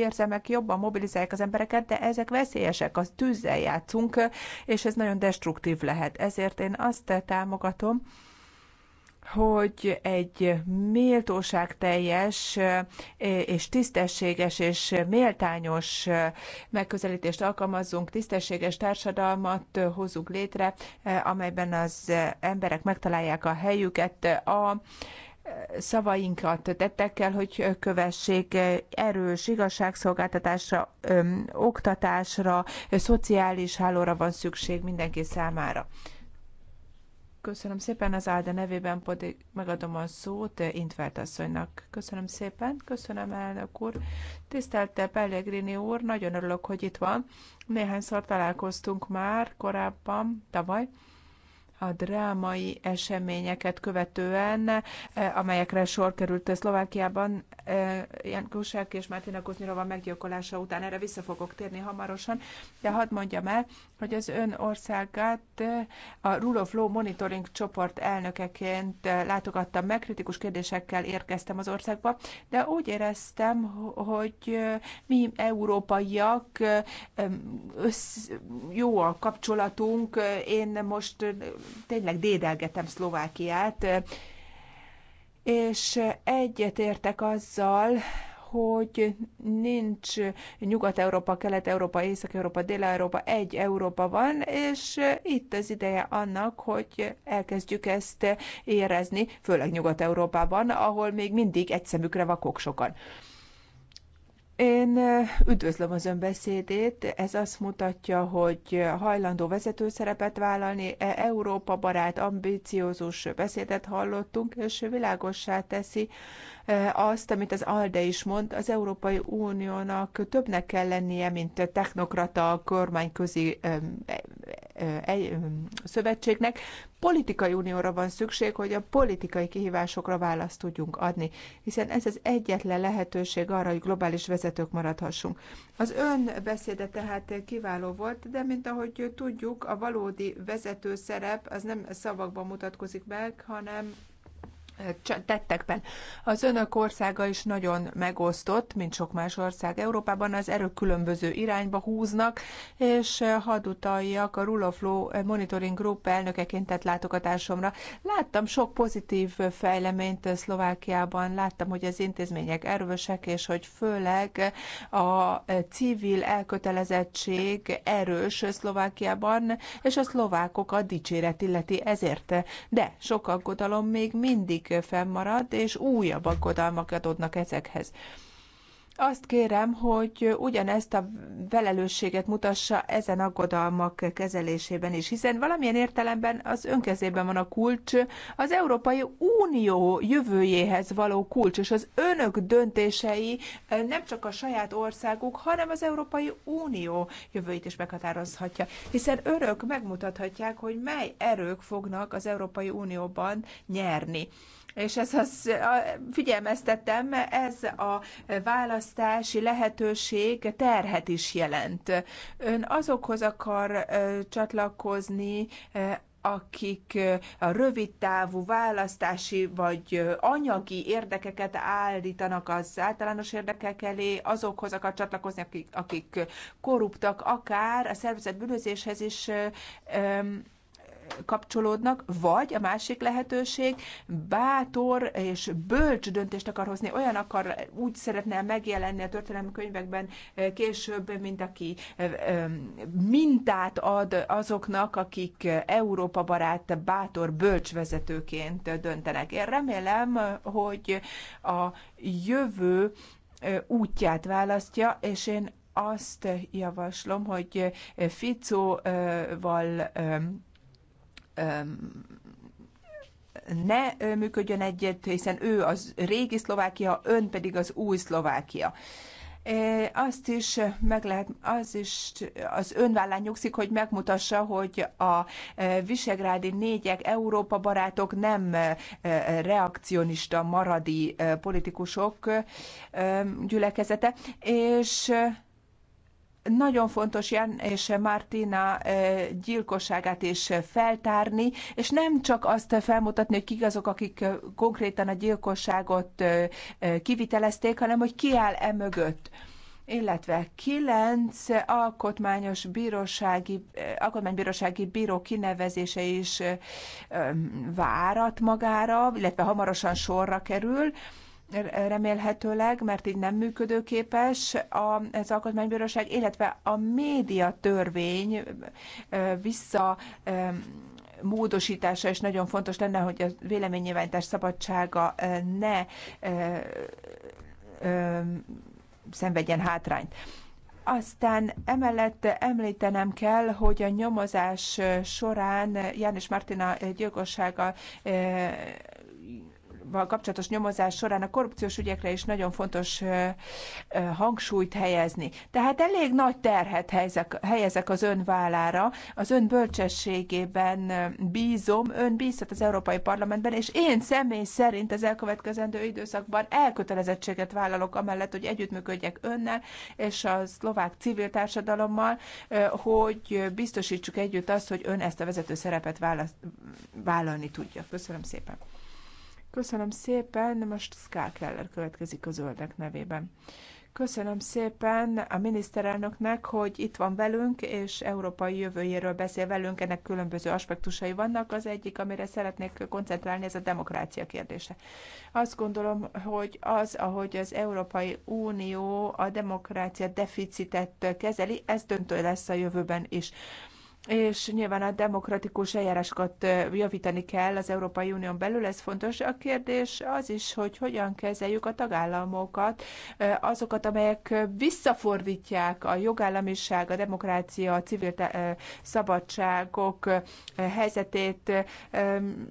érzelmek jobban mobilizálják az embereket, de ezek veszélyesek, az tűzzel játszunk, és ez nagyon destruktív lehet. Ezért én azt támogatom, hogy egy méltóságteljes és tisztességes és méltányos megközelítést alkalmazzunk, tisztességes társadalmat hozzuk létre, amelyben az emberek megtalálják a helyüket. A szavainkat tettekkel, hogy kövessék erős igazságszolgáltatásra, oktatásra, szociális hálóra van szükség mindenki számára. Köszönöm szépen az Álda nevében, pedig megadom a szót Intvert asszonynak. Köszönöm szépen, köszönöm elnök úr. Tisztelte Pellegrini úr, nagyon örülök, hogy itt van. Néhányszor találkoztunk már korábban, tavaly a drámai eseményeket követően, eh, amelyekre sor került Szlovákiában eh, Ján Kusák és Mártina Kuznyirova meggyilkolása után. Erre vissza fogok térni hamarosan, de hadd mondjam el, hogy az ön országát eh, a Rule of Law Monitoring csoport elnökeként látogattam meg, kritikus kérdésekkel érkeztem az országba, de úgy éreztem, hogy mi európaiak össz, jó a kapcsolatunk, én most tényleg dédelgetem Szlovákiát, és egyetértek azzal, hogy nincs Nyugat-Európa, Kelet-Európa, Észak-Európa, Dél-Európa, egy Európa van, és itt az ideje annak, hogy elkezdjük ezt érezni, főleg Nyugat-Európában, ahol még mindig egyszemükre vakok sokan. Én üdvözlöm az önbeszédét, ez azt mutatja, hogy hajlandó vezető szerepet vállalni, e, Európa barát, ambiciózus beszédet hallottunk, és világossá teszi azt, amit az ALDE is mond, az Európai Uniónak többnek kell lennie, mint technokrata kormányközi szövetségnek. Politikai unióra van szükség, hogy a politikai kihívásokra választ tudjunk adni, hiszen ez az egyetlen lehetőség arra, hogy globális vezetők maradhassunk. Az ön beszéde tehát kiváló volt, de mint ahogy tudjuk, a valódi vezető szerep az nem szavakban mutatkozik meg, hanem tettekben. Az önök országa is nagyon megosztott, mint sok más ország Európában, az erők különböző irányba húznak, és eh, hadd utaljak a Rule of Law eh, Monitoring Group elnökeként tett látogatásomra. Láttam sok pozitív eh, fejleményt Szlovákiában, láttam, hogy az intézmények erősek, és hogy főleg a civil elkötelezettség erős Szlovákiában, és a a dicséret illeti ezért. De sok aggodalom még mindig fennmarad, és újabb aggodalmak adódnak ezekhez azt kérem, hogy ugyanezt a felelősséget mutassa ezen aggodalmak kezelésében is, hiszen valamilyen értelemben az önkezében van a kulcs, az Európai Unió jövőjéhez való kulcs, és az önök döntései eh, nem csak a saját országuk, hanem az Európai Unió jövőjét is meghatározhatja, hiszen örök megmutathatják, hogy mely erők fognak az Európai Unióban nyerni és ez az, figyelmeztettem, ez a választási lehetőség terhet is jelent. Ön azokhoz akar csatlakozni, akik a rövid távú választási vagy anyagi érdekeket állítanak az általános érdekek elé, azokhoz akar csatlakozni, akik, akik korruptak, akár a szervezet bűnözéshez is öm, kapcsolódnak, vagy a másik lehetőség bátor és bölcs döntést akar hozni, olyan akar, úgy szeretne megjelenni a történelmi könyvekben eh, később, mint aki eh, eh, mintát ad azoknak, akik Európa barát, bátor, bölcs vezetőként döntenek. Én remélem, hogy a jövő útját választja, és én azt javaslom, hogy Ficóval ne működjön egyet, hiszen ő az régi Szlovákia, ön pedig az új Szlovákia. Azt is meg lehet, az is az önvállán nyugszik, hogy megmutassa, hogy a visegrádi négyek Európa barátok nem reakcionista maradi politikusok gyülekezete, és nagyon fontos Jan és Martina gyilkosságát is feltárni, és nem csak azt felmutatni, hogy kik azok, akik konkrétan a gyilkosságot kivitelezték, hanem hogy ki áll e mögött illetve kilenc alkotmányos bírósági, alkotmánybírósági bíró kinevezése is várat magára, illetve hamarosan sorra kerül remélhetőleg, mert így nem működőképes az alkotmánybíróság, illetve a média törvény vissza módosítása is nagyon fontos lenne, hogy a véleménynyilvánítás szabadsága ne szenvedjen hátrányt. Aztán emellett említenem kell, hogy a nyomozás során János Martina gyilkossága kapcsolatos nyomozás során a korrupciós ügyekre is nagyon fontos hangsúlyt helyezni. Tehát elég nagy terhet helyezek, helyezek az ön vállára, az ön bölcsességében bízom, ön bízhat az Európai Parlamentben, és én személy szerint az elkövetkezendő időszakban elkötelezettséget vállalok amellett, hogy együttműködjek önnel és a szlovák civil társadalommal, hogy biztosítsuk együtt azt, hogy ön ezt a vezető szerepet vállalni tudja. Köszönöm szépen. Köszönöm szépen, most Ská Keller következik a zöldek nevében. Köszönöm szépen a miniszterelnöknek, hogy itt van velünk, és európai jövőjéről beszél velünk. Ennek különböző aspektusai vannak. Az egyik, amire szeretnék koncentrálni, ez a demokrácia kérdése. Azt gondolom, hogy az, ahogy az Európai Unió a demokrácia deficitet kezeli, ez döntő lesz a jövőben is és nyilván a demokratikus eljárásokat javítani kell az Európai Unión belül, ez fontos. A kérdés az is, hogy hogyan kezeljük a tagállamokat, azokat, amelyek visszafordítják a jogállamiság, a demokrácia, a civil szabadságok helyzetét.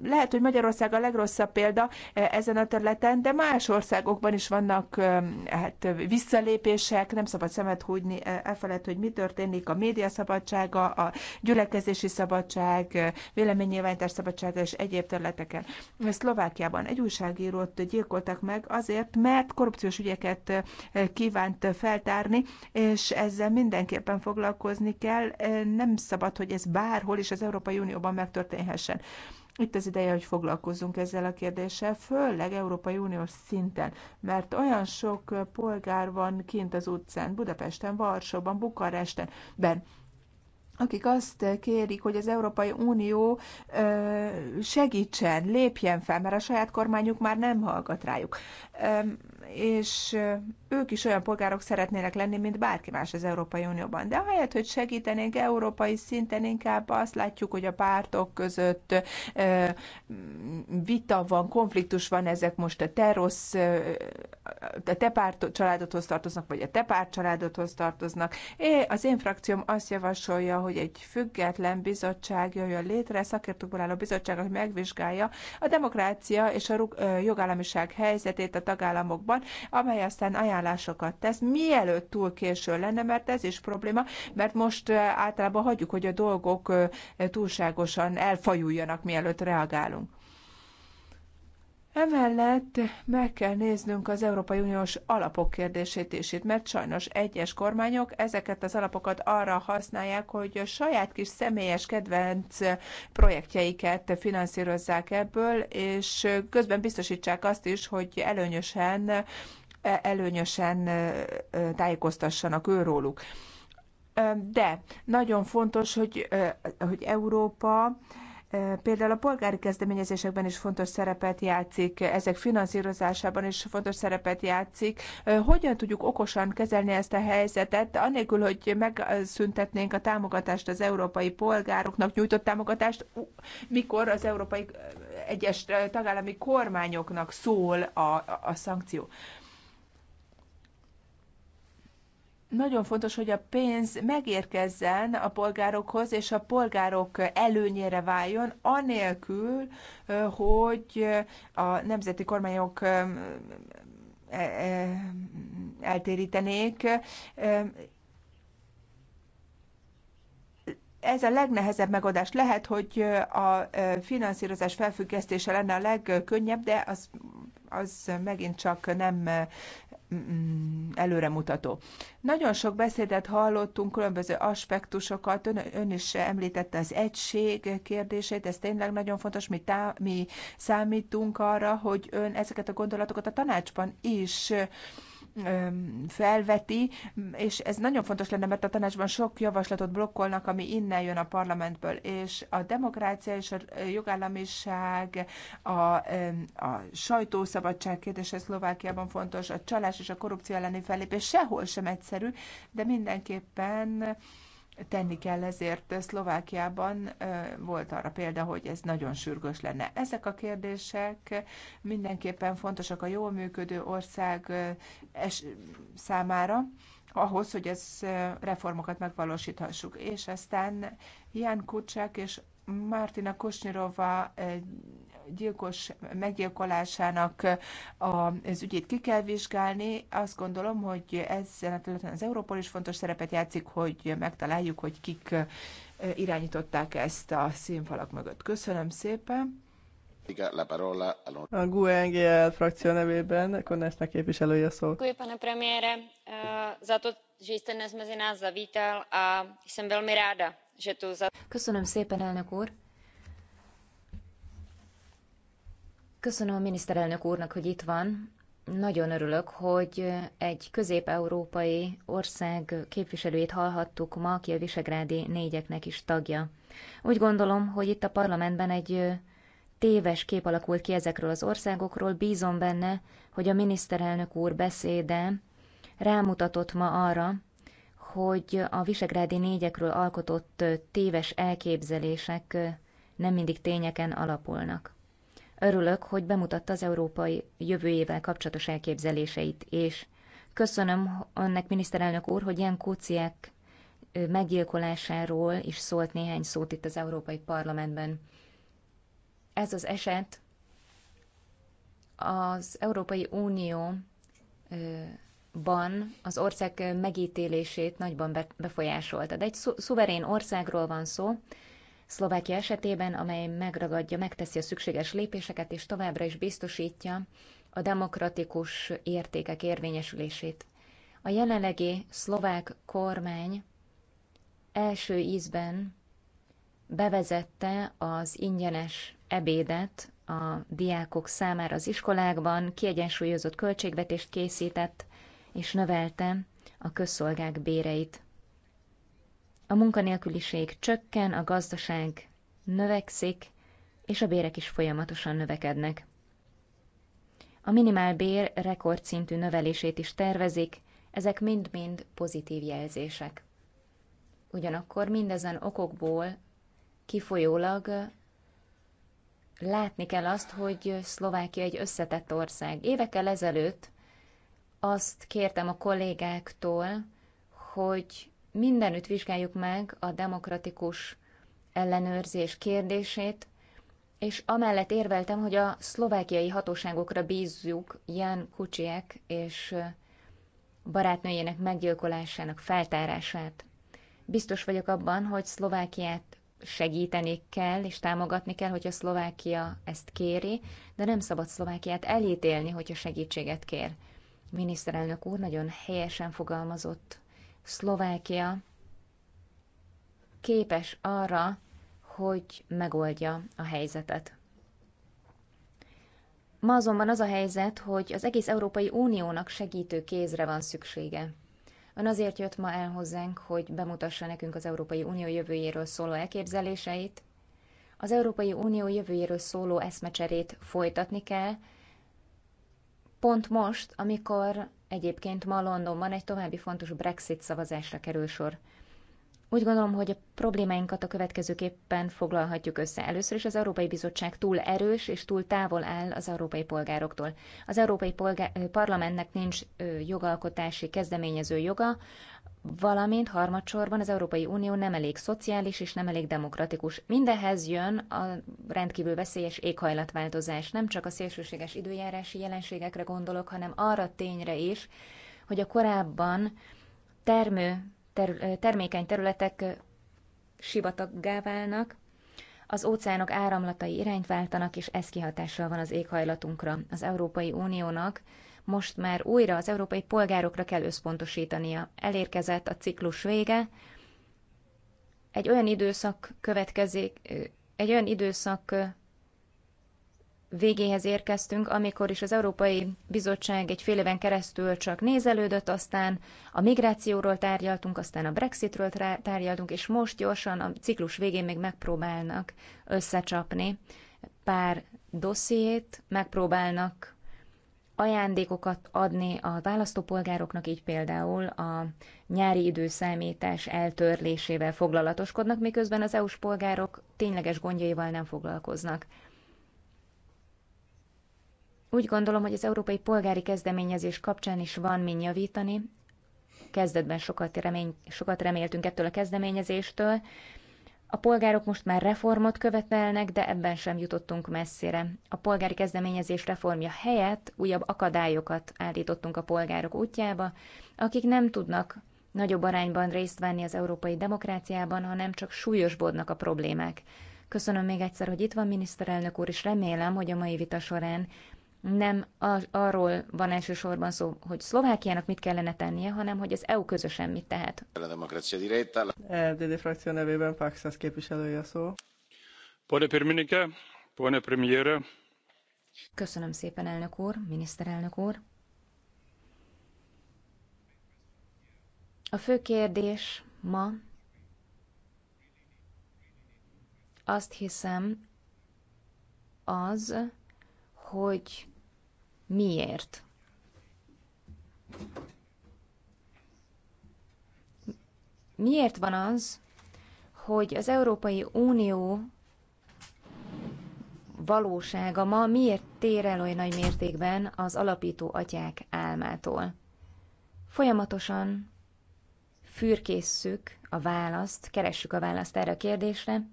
Lehet, hogy Magyarország a legrosszabb példa ezen a területen, de más országokban is vannak hát, visszalépések, nem szabad szemet húgyni, elfelejt, e hogy mi történik, a médiaszabadsága, a gyülekezési szabadság, véleménynyilvánítás szabadsága és egyéb területeken. Szlovákiában egy újságírót gyilkoltak meg azért, mert korrupciós ügyeket eh, kívánt feltárni, és ezzel mindenképpen foglalkozni kell. Eh, nem szabad, hogy ez bárhol is az Európai Unióban megtörténhessen. Itt az ideje, hogy foglalkozzunk ezzel a kérdéssel, főleg Európai Uniós szinten, mert olyan sok polgár van kint az utcán, Budapesten, Varsóban, Bukaresten, ben, akik azt kérik, hogy az Európai Unió segítsen, lépjen fel, mert a saját kormányuk már nem hallgat rájuk és ők is olyan polgárok szeretnének lenni, mint bárki más az Európai Unióban. De ahelyett, hogy segítenénk európai szinten, inkább azt látjuk, hogy a pártok között vita van, konfliktus van, ezek most a te rossz, a te párt családodhoz tartoznak, vagy a te párt családodhoz tartoznak. É, az én frakcióm azt javasolja, hogy egy független bizottság jöjjön létre, szakértőkből álló bizottság, hogy megvizsgálja a demokrácia és a jogállamiság helyzetét a tagállamokban, van, amely aztán ajánlásokat tesz, mielőtt túl késő lenne, mert ez is probléma, mert most általában hagyjuk, hogy a dolgok túlságosan elfajuljanak, mielőtt reagálunk. Emellett meg kell néznünk az Európai Uniós alapok kérdését is itt, mert sajnos egyes kormányok ezeket az alapokat arra használják, hogy a saját kis személyes kedvenc projektjeiket finanszírozzák ebből, és közben biztosítsák azt is, hogy előnyösen, előnyösen tájékoztassanak őróluk. De nagyon fontos, hogy, hogy Európa Például a polgári kezdeményezésekben is fontos szerepet játszik, ezek finanszírozásában is fontos szerepet játszik. Hogyan tudjuk okosan kezelni ezt a helyzetet, anélkül, hogy megszüntetnénk a támogatást az európai polgároknak, nyújtott támogatást, mikor az európai egyes tagállami kormányoknak szól a, a, a szankció. nagyon fontos, hogy a pénz megérkezzen a polgárokhoz, és a polgárok előnyére váljon, anélkül, hogy a nemzeti kormányok eltérítenék. Ez a legnehezebb megoldás. Lehet, hogy a finanszírozás felfüggesztése lenne a legkönnyebb, de az, az megint csak nem előremutató. Nagyon sok beszédet hallottunk, különböző aspektusokat, ön, ön is említette az egység kérdését, ez tényleg nagyon fontos, mi, tá, mi számítunk arra, hogy ön ezeket a gondolatokat a tanácsban is felveti, és ez nagyon fontos lenne, mert a tanácsban sok javaslatot blokkolnak, ami innen jön a parlamentből, és a demokrácia és a jogállamiság, a, a sajtószabadság kérdése Szlovákiában fontos, a csalás és a korrupció elleni fellépés sehol sem egyszerű, de mindenképpen tenni kell ezért. Szlovákiában volt arra példa, hogy ez nagyon sürgős lenne. Ezek a kérdések mindenképpen fontosak a jól működő ország számára, ahhoz, hogy ez reformokat megvalósíthassuk. És aztán Ján Kucsák és Martina Kusnyirova gyilkos meggyilkolásának az ügyét ki kell vizsgálni. Azt gondolom, hogy ezen a területen az Európol is fontos szerepet játszik, hogy megtaláljuk, hogy kik irányították ezt a színfalak mögött. Köszönöm szépen! A GUNGL frakció nevében Konnesnek képviselője szó. Děkuji, pane premiére, e, za to, že jste dnes mezi nás zavítal a jsem velmi ráda, že tu za... Köszönöm szépen, elnök úr! Köszönöm a miniszterelnök úrnak, hogy itt van. Nagyon örülök, hogy egy közép-európai ország képviselőjét hallhattuk ma, aki a Visegrádi négyeknek is tagja. Úgy gondolom, hogy itt a parlamentben egy téves kép alakult ki ezekről az országokról. Bízom benne, hogy a miniszterelnök úr beszéde rámutatott ma arra, hogy a Visegrádi négyekről alkotott téves elképzelések nem mindig tényeken alapulnak. Örülök, hogy bemutatta az európai jövőjével kapcsolatos elképzeléseit, és köszönöm önnek, miniszterelnök úr, hogy ilyen kóciák meggyilkolásáról is szólt néhány szót itt az Európai Parlamentben. Ez az eset az Európai Unióban az ország megítélését nagyban befolyásolta. De egy szuverén országról van szó, Szlovákia esetében, amely megragadja, megteszi a szükséges lépéseket, és továbbra is biztosítja a demokratikus értékek érvényesülését. A jelenlegi szlovák kormány első ízben bevezette az ingyenes ebédet a diákok számára az iskolákban, kiegyensúlyozott költségvetést készített, és növelte a közszolgák béreit. A munkanélküliség csökken, a gazdaság növekszik, és a bérek is folyamatosan növekednek. A bér rekordszintű növelését is tervezik, ezek mind-mind pozitív jelzések. Ugyanakkor mindezen okokból kifolyólag látni kell azt, hogy Szlovákia egy összetett ország. Évekkel ezelőtt azt kértem a kollégáktól, hogy mindenütt vizsgáljuk meg a demokratikus ellenőrzés kérdését, és amellett érveltem, hogy a szlovákiai hatóságokra bízzuk Jan Kucsiek és barátnőjének meggyilkolásának feltárását. Biztos vagyok abban, hogy Szlovákiát segíteni kell és támogatni kell, hogyha Szlovákia ezt kéri, de nem szabad Szlovákiát elítélni, hogyha segítséget kér. Miniszterelnök úr nagyon helyesen fogalmazott Szlovákia képes arra, hogy megoldja a helyzetet. Ma azonban az a helyzet, hogy az egész Európai Uniónak segítő kézre van szüksége. Ön azért jött ma el hozzánk, hogy bemutassa nekünk az Európai Unió jövőjéről szóló elképzeléseit. Az Európai Unió jövőjéről szóló eszmecserét folytatni kell, pont most, amikor Egyébként ma Londonban egy további fontos Brexit szavazásra kerül sor. Úgy gondolom, hogy a problémáinkat a következőképpen foglalhatjuk össze. Először is az Európai Bizottság túl erős és túl távol áll az európai polgároktól. Az Európai Polgá- Parlamentnek nincs jogalkotási kezdeményező joga, valamint harmadsorban az Európai Unió nem elég szociális és nem elég demokratikus. Mindehez jön a rendkívül veszélyes éghajlatváltozás. Nem csak a szélsőséges időjárási jelenségekre gondolok, hanem arra tényre is, hogy a korábban termő terü- termékeny területek sivataggá válnak, az óceánok áramlatai irányt váltanak, és ez kihatással van az éghajlatunkra. Az Európai Uniónak most már újra az európai polgárokra kell összpontosítania. Elérkezett a ciklus vége, egy olyan időszak következik, egy olyan időszak végéhez érkeztünk, amikor is az Európai Bizottság egy fél éven keresztül csak nézelődött, aztán a migrációról tárgyaltunk, aztán a Brexitről tárgyaltunk, és most gyorsan a ciklus végén még megpróbálnak összecsapni pár dossziét, megpróbálnak ajándékokat adni a választópolgároknak, így például a nyári időszámítás eltörlésével foglalatoskodnak, miközben az EU-s polgárok tényleges gondjaival nem foglalkoznak. Úgy gondolom, hogy az európai polgári kezdeményezés kapcsán is van mind javítani. Kezdetben sokat, remény, sokat reméltünk ettől a kezdeményezéstől. A polgárok most már reformot követelnek, de ebben sem jutottunk messzire. A polgári kezdeményezés reformja helyett újabb akadályokat állítottunk a polgárok útjába, akik nem tudnak nagyobb arányban részt venni az európai demokráciában, hanem csak súlyosbodnak a problémák. Köszönöm még egyszer, hogy itt van miniszterelnök úr, és remélem, hogy a mai vita során nem arról van elsősorban szó, hogy Szlovákiának mit kellene tennie, hanem hogy az EU közösen mit tehet. A demokrácia diretta. EDD frakció nevében Paxas képviselője a szó. Pone pirminike, pone premiére. Köszönöm szépen, elnök úr, miniszterelnök úr. A fő kérdés ma azt hiszem az, hogy miért. Miért van az, hogy az Európai Unió valósága ma miért tér el olyan nagy mértékben az alapító atyák álmától? Folyamatosan fürkészszük a választ, keressük a választ erre a kérdésre,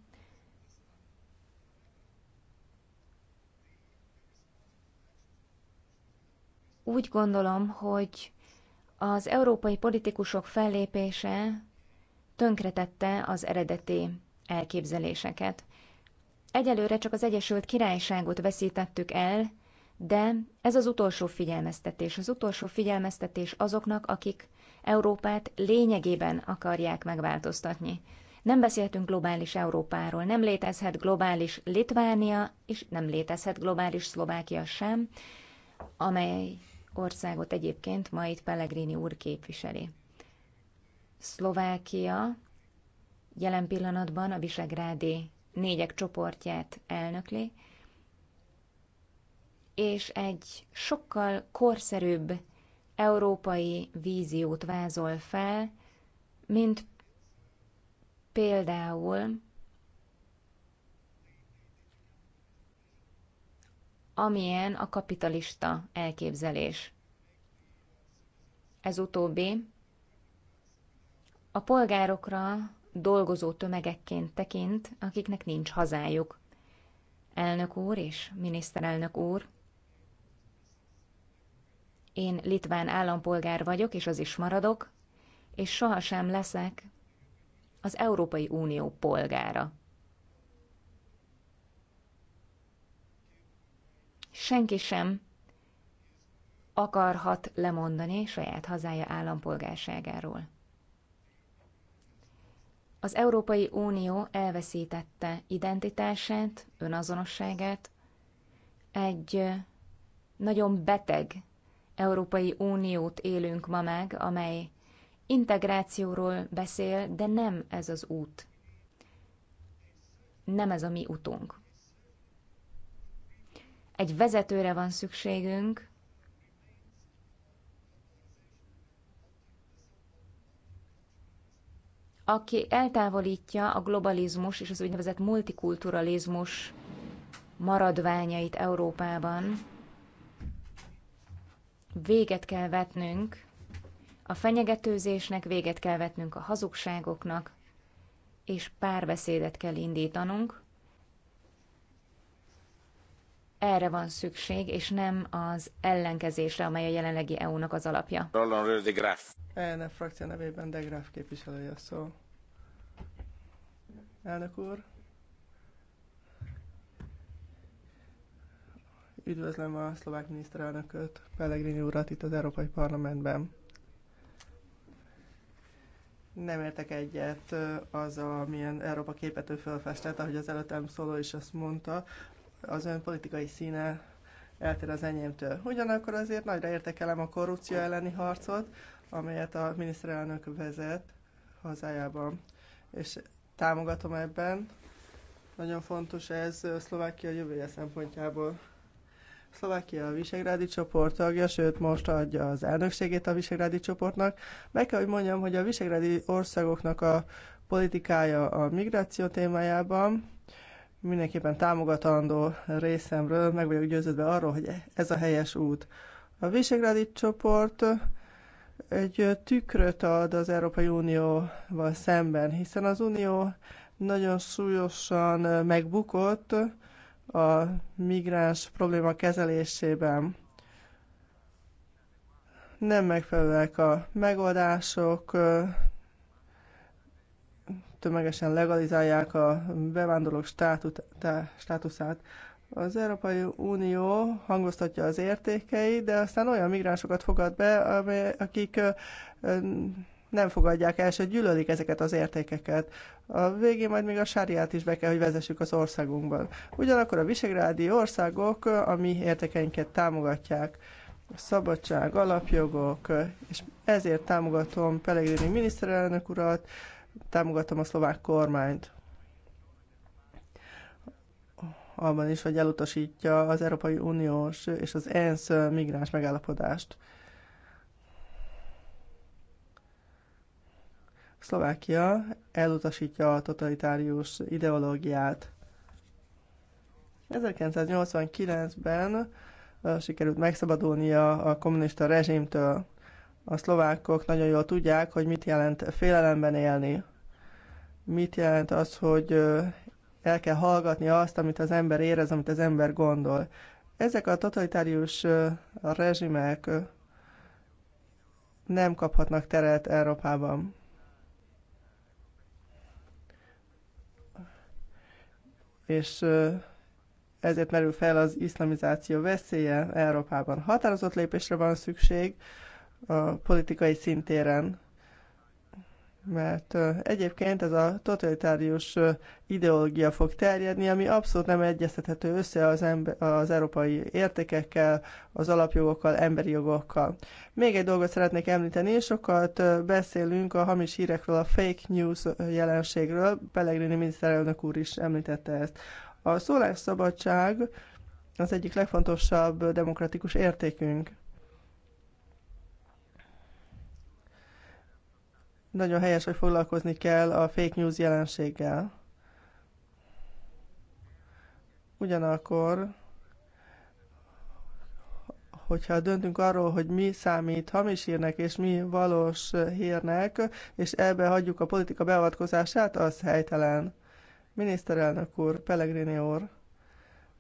Úgy gondolom, hogy az európai politikusok fellépése tönkretette az eredeti elképzeléseket. Egyelőre csak az Egyesült Királyságot veszítettük el, de ez az utolsó figyelmeztetés. Az utolsó figyelmeztetés azoknak, akik Európát lényegében akarják megváltoztatni. Nem beszéltünk globális Európáról, nem létezhet globális Litvánia, és nem létezhet globális Szlovákia sem, amely országot egyébként ma itt Pellegrini úr képviseli. Szlovákia jelen pillanatban a Visegrádi négyek csoportját elnökli, és egy sokkal korszerűbb európai víziót vázol fel, mint például amilyen a kapitalista elképzelés. Ez utóbbi a polgárokra dolgozó tömegekként tekint, akiknek nincs hazájuk. Elnök úr és miniszterelnök úr, én litván állampolgár vagyok, és az is maradok, és sohasem leszek az Európai Unió polgára. senki sem akarhat lemondani saját hazája állampolgárságáról. Az Európai Unió elveszítette identitását, önazonosságát, egy nagyon beteg Európai Uniót élünk ma meg, amely integrációról beszél, de nem ez az út. Nem ez a mi utunk egy vezetőre van szükségünk, aki eltávolítja a globalizmus és az úgynevezett multikulturalizmus maradványait Európában. Véget kell vetnünk a fenyegetőzésnek, véget kell vetnünk a hazugságoknak, és párbeszédet kell indítanunk, erre van szükség, és nem az ellenkezésre, amely a jelenlegi EU-nak az alapja. Roland de graf, ELNE frakció nevében de graf képviselője szó. Elnök úr. Üdvözlöm a szlovák miniszterelnököt, Pellegrini urat itt az Európai Parlamentben nem értek egyet az, amilyen Európa képető felfestett, ahogy az előttem szóló is azt mondta, az ön politikai színe eltér az enyémtől. Ugyanakkor azért nagyra értekelem a korrupció elleni harcot, amelyet a miniszterelnök vezet hazájában, és támogatom ebben. Nagyon fontos ez Szlovákia jövője szempontjából. Szlovákia a Visegrádi csoport tagja, sőt most adja az elnökségét a Visegrádi csoportnak. Meg kell, hogy mondjam, hogy a Visegrádi országoknak a politikája a migráció témájában mindenképpen támogatandó részemről, meg vagyok győződve arról, hogy ez a helyes út. A Visegrádi csoport egy tükröt ad az Európai Unióval szemben, hiszen az Unió nagyon súlyosan megbukott a migráns probléma kezelésében. Nem megfelelőek a megoldások, tömegesen legalizálják a bevándorlók státuszát. Az Európai Unió hangoztatja az értékeit, de aztán olyan migránsokat fogad be, akik nem fogadják el, sőt gyűlölik ezeket az értékeket. A végén majd még a sáriát is be kell, hogy vezessük az országunkban. Ugyanakkor a visegrádi országok a mi értékeinket támogatják. A szabadság, alapjogok, és ezért támogatom Pelegrini miniszterelnök urat, támogatom a szlovák kormányt abban is, hogy elutasítja az Európai Uniós és az ENSZ migráns megállapodást. Szlovákia elutasítja a totalitárius ideológiát. 1989-ben sikerült megszabadulnia a kommunista rezsimtől. A szlovákok nagyon jól tudják, hogy mit jelent félelemben élni. Mit jelent az, hogy el kell hallgatni azt, amit az ember érez, amit az ember gondol. Ezek a totalitárius rezsimek nem kaphatnak teret Európában. És ezért merül fel az iszlamizáció veszélye Európában. Határozott lépésre van szükség, a politikai szintéren. Mert egyébként ez a totalitárius ideológia fog terjedni, ami abszolút nem egyeztethető össze az, ember, az európai értékekkel, az alapjogokkal, emberi jogokkal. Még egy dolgot szeretnék említeni, sokat beszélünk a hamis hírekről, a fake news jelenségről, Pellegrini miniszterelnök úr is említette ezt. A szólásszabadság az egyik legfontosabb demokratikus értékünk Nagyon helyes, hogy foglalkozni kell a fake news jelenséggel. Ugyanakkor, hogyha döntünk arról, hogy mi számít hamis hírnek és mi valós hírnek, és ebbe hagyjuk a politika beavatkozását, az helytelen. Miniszterelnök úr, Pellegrini úr,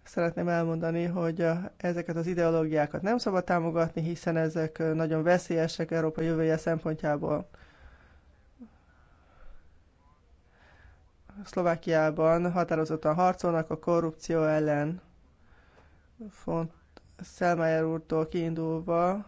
szeretném elmondani, hogy ezeket az ideológiákat nem szabad támogatni, hiszen ezek nagyon veszélyesek Európa jövője szempontjából. Szlovákiában határozottan harcolnak a korrupció ellen. Font Szelmeyer úrtól kiindulva,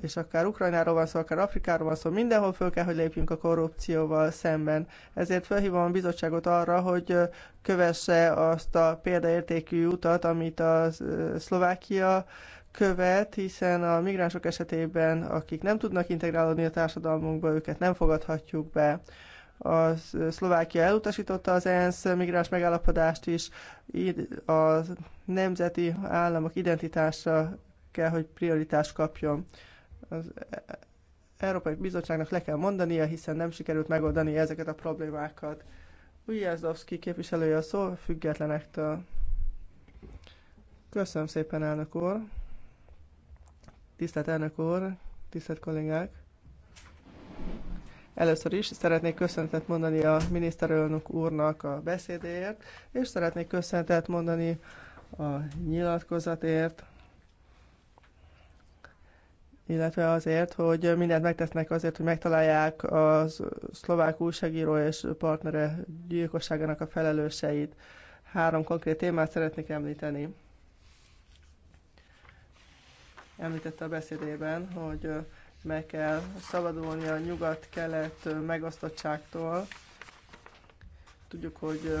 és akár Ukrajnáról van szó, akár Afrikáról van szó, mindenhol föl kell, hogy lépjünk a korrupcióval szemben. Ezért felhívom a bizottságot arra, hogy kövesse azt a példaértékű utat, amit a Szlovákia követ, hiszen a migránsok esetében, akik nem tudnak integrálódni a társadalmunkba, őket nem fogadhatjuk be. A Szlovákia elutasította az ENSZ migráns megállapodást is, így a nemzeti államok identitása kell, hogy prioritást kapjon. Az Európai Bizottságnak le kell mondania, hiszen nem sikerült megoldani ezeket a problémákat. Ujjázdowski képviselője a szó, függetlenektől. Köszönöm szépen, elnök úr! Tisztelt elnök úr, tisztelt kollégák! Először is szeretnék köszöntet mondani a miniszterelnök úrnak a beszédéért, és szeretnék köszöntet mondani a nyilatkozatért, illetve azért, hogy mindent megtesznek azért, hogy megtalálják a szlovák újságíró és partnere gyilkosságának a felelőseit. Három konkrét témát szeretnék említeni. Említette a beszédében, hogy meg kell szabadulni a nyugat-kelet megosztottságtól. Tudjuk, hogy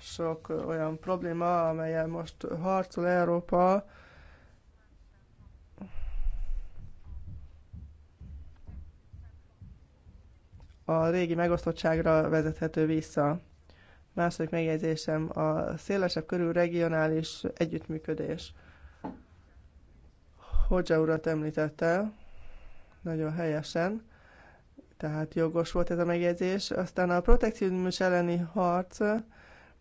sok olyan probléma, amelyel most harcol Európa, a régi megosztottságra vezethető vissza. Második megjegyzésem a szélesebb körű regionális együttműködés. Hogy urat említette, nagyon helyesen, tehát jogos volt ez a megjegyzés. Aztán a protekcionizmus elleni harc,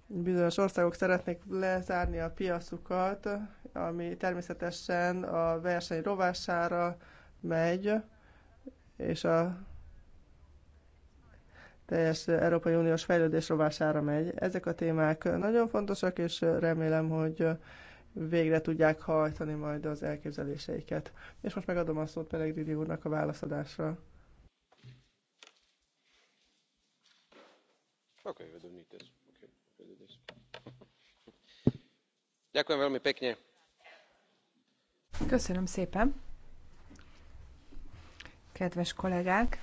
bizonyos országok szeretnék lezárni a piacukat, ami természetesen a verseny rovására megy, és a teljes Európai Uniós fejlődés rovására megy. Ezek a témák nagyon fontosak, és remélem, hogy végre tudják hajtani majd az elképzeléseiket. És most megadom a szót Peregrini úrnak a válaszadásra. Oké, Okay, I do pekne. Köszönöm szépen. Kedves kollégák!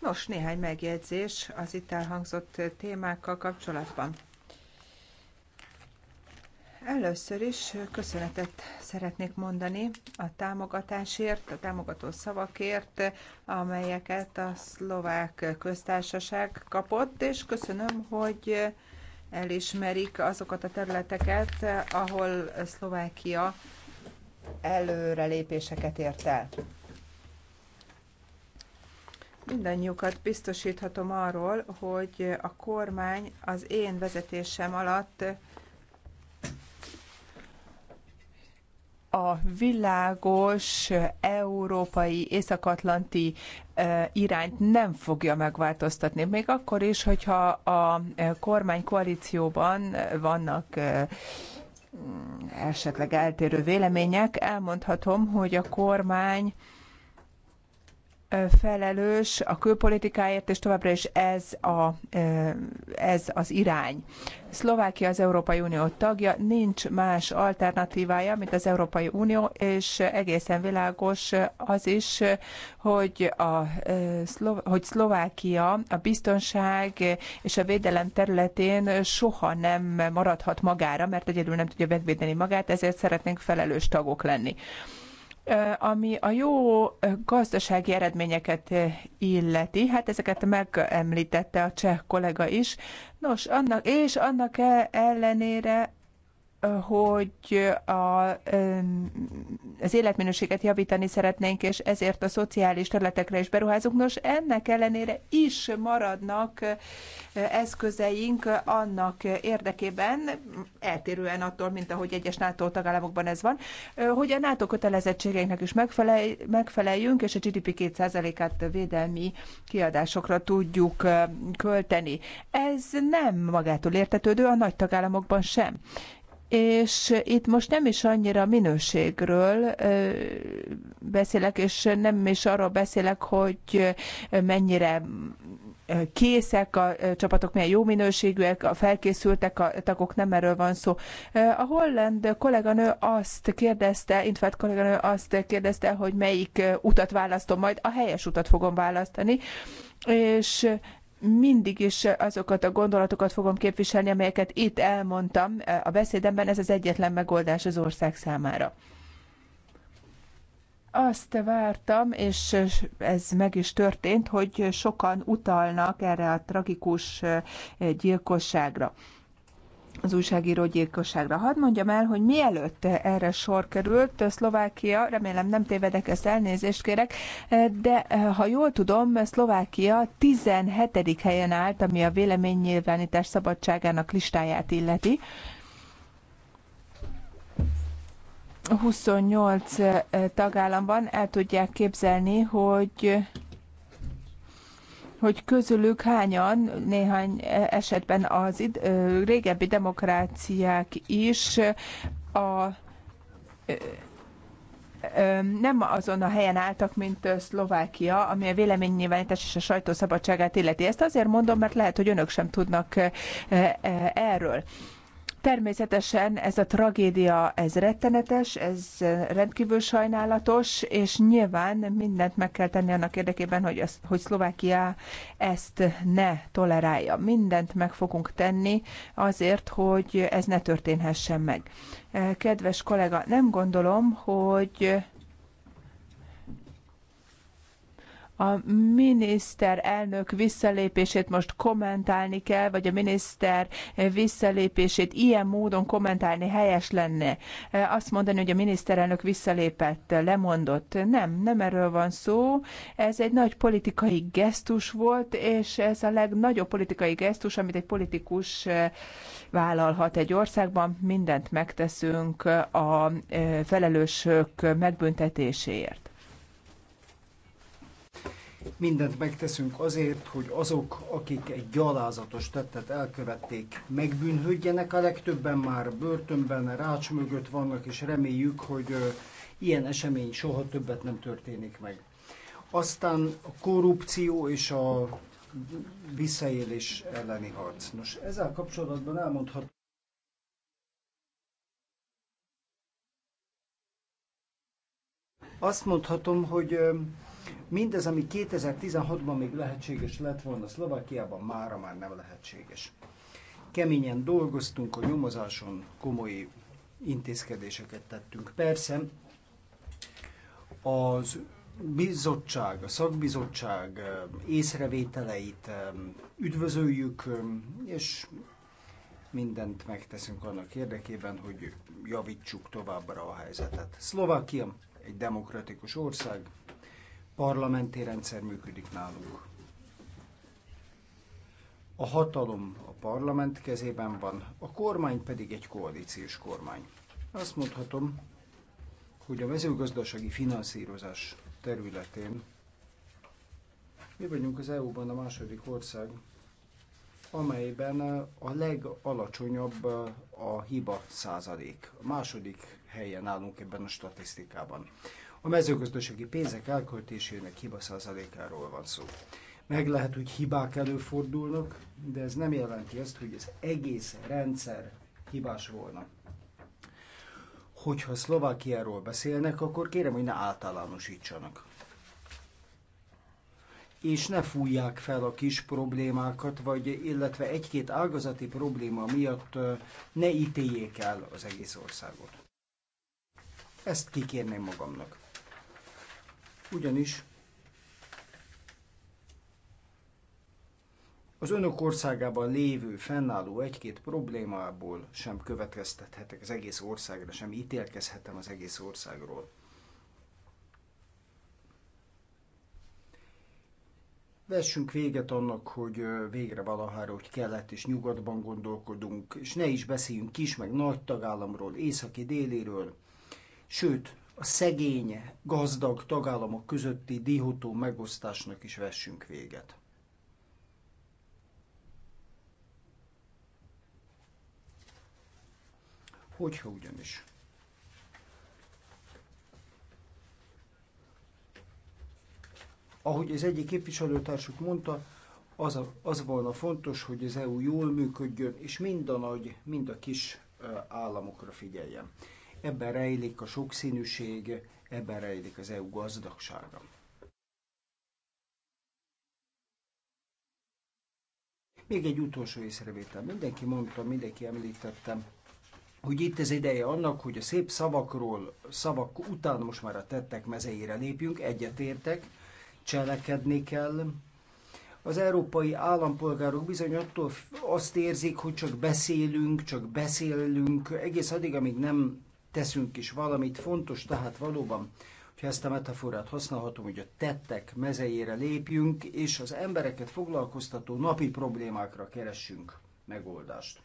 Nos, néhány megjegyzés az itt elhangzott témákkal kapcsolatban. Először is köszönetet szeretnék mondani a támogatásért, a támogató szavakért, amelyeket a szlovák köztársaság kapott, és köszönöm, hogy elismerik azokat a területeket, ahol Szlovákia előrelépéseket ért el. Mindannyiukat biztosíthatom arról, hogy a kormány az én vezetésem alatt a világos európai északatlanti irányt nem fogja megváltoztatni. Még akkor is, hogyha a kormány koalícióban vannak esetleg eltérő vélemények, elmondhatom, hogy a kormány felelős a külpolitikáért, és továbbra is ez, a, ez az irány. Szlovákia az Európai Unió tagja, nincs más alternatívája, mint az Európai Unió, és egészen világos az is, hogy, a, hogy Szlovákia a biztonság és a védelem területén soha nem maradhat magára, mert egyedül nem tudja megvédeni magát, ezért szeretnénk felelős tagok lenni ami a jó gazdasági eredményeket illeti, hát ezeket megemlítette a cseh kollega is, nos, annak, és annak e-, ellenére hogy a, az életminőséget javítani szeretnénk, és ezért a szociális területekre is beruházunk. Nos, ennek ellenére is maradnak eh, eszközeink annak érdekében, eltérően attól, mint ahogy egyes NATO tagállamokban ez van, eh, hogy a NATO kötelezettségeinknek is megfelelj, megfeleljünk, és a GDP 2%-át védelmi kiadásokra tudjuk eh, költeni. Ez nem magától értetődő, a nagy tagállamokban sem és itt most nem is annyira minőségről beszélek, és nem is arról beszélek, hogy mennyire készek a csapatok, milyen jó minőségűek, a felkészültek a tagok, nem erről van szó. A holland kolléganő azt kérdezte, Intfeld kolléganő azt kérdezte, hogy melyik utat választom majd, a helyes utat fogom választani, és mindig is azokat a gondolatokat fogom képviselni, amelyeket itt elmondtam eh, a beszédemben, ez az egyetlen megoldás az ország számára. Azt vártam, és ez meg is történt, hogy sokan utalnak erre a tragikus eh, gyilkosságra az újságíró gyilkosságra. Hadd mondjam el, hogy mielőtt erre sor került, Szlovákia, remélem nem tévedek, ezt elnézést kérek, de eh, ha jól tudom, Szlovákia 17. helyen állt, ami a véleménynyilvánítás szabadságának listáját illeti. 28 eh, tagállamban el tudják képzelni, hogy hogy közülük hányan néhány esetben az id, régebbi demokráciák is a nem azon a helyen álltak, mint Szlovákia, ami a véleménynyilvánítás és a sajtószabadságát illeti. Ezt azért mondom, mert lehet, hogy önök sem tudnak erről. Természetesen ez a tragédia, ez rettenetes, ez rendkívül sajnálatos, és nyilván mindent meg kell tenni annak érdekében, hogy, az, hogy Szlovákia ezt ne tolerálja. Mindent meg fogunk tenni azért, hogy ez ne történhessen meg. Kedves kollega, nem gondolom, hogy a miniszterelnök visszalépését most kommentálni kell, vagy a miniszter visszalépését ilyen módon kommentálni helyes lenne. Azt mondani, hogy a miniszterelnök visszalépett, lemondott. Nem, nem erről van szó. Ez egy nagy politikai gesztus volt, és ez a legnagyobb politikai gesztus, amit egy politikus vállalhat egy országban. Mindent megteszünk a felelősök megbüntetéséért. Mindent megteszünk azért, hogy azok, akik egy gyalázatos tettet elkövették, megbűnhődjenek. A legtöbben már börtönben, rács mögött vannak, és reméljük, hogy ilyen esemény soha többet nem történik meg. Aztán a korrupció és a visszaélés elleni harc. Nos, ezzel kapcsolatban elmondható, azt mondhatom, hogy Mindez, ami 2016-ban még lehetséges lett volna Szlovákiában, mára már nem lehetséges. Keményen dolgoztunk a nyomozáson, komoly intézkedéseket tettünk. Persze az bizottság, a szakbizottság eh, észrevételeit eh, üdvözöljük, eh, és mindent megteszünk annak érdekében, hogy javítsuk továbbra a helyzetet. Szlovákia egy demokratikus ország, parlamenti rendszer működik nálunk. A hatalom a parlament kezében van, a kormány pedig egy koalíciós kormány. Azt mondhatom, hogy a mezőgazdasági finanszírozás területén mi vagyunk az EU-ban a második ország, amelyben eh, a legalacsonyabb eh, a hiba százalék. A második helyen állunk ebben a statisztikában. A mezőgazdasági pénzek elköltésének hiba százalékáról van szó. Meg lehet, hogy hibák előfordulnak, de ez nem jelenti azt, hogy az egész rendszer hibás volna. Hogyha Szlovákiáról beszélnek, akkor kérem, hogy ne általánosítsanak és ne fújják fel a kis problémákat, vagy illetve egy-két ágazati probléma miatt ne ítéljék el az egész országot. Ezt kikérném magamnak. Ugyanis az önök országában lévő, fennálló egy-két problémából sem következtethetek az egész országra, sem ítélkezhetem az egész országról. Vessünk véget annak, hogy végre valahára, hogy kelet és nyugatban gondolkodunk, és ne is beszéljünk kis meg nagy tagállamról, északi déliről, sőt, a szegény, gazdag tagállamok közötti dihotó megosztásnak is vessünk véget. Hogyha ugyanis Ahogy az egyik képviselőtársuk mondta, az, a, az volna fontos, hogy az EU jól működjön, és mind a nagy, mind a kis államokra figyeljen. Ebben rejlik a sokszínűség, ebben rejlik az EU gazdagsága. Még egy utolsó észrevétel. Mindenki mondta, mindenki említettem, hogy itt az ideje annak, hogy a szép szavakról, szavak után most már a tettek mezeire lépjünk, egyetértek, cselekedni kell. Az európai állampolgárok bizony attól azt érzik, hogy csak beszélünk, csak beszélünk, egész addig, amíg nem teszünk is valamit. Fontos tehát valóban, hogyha ezt a metaforát használhatom, hogy a tettek mezejére lépjünk, és az embereket foglalkoztató napi problémákra keressünk megoldást.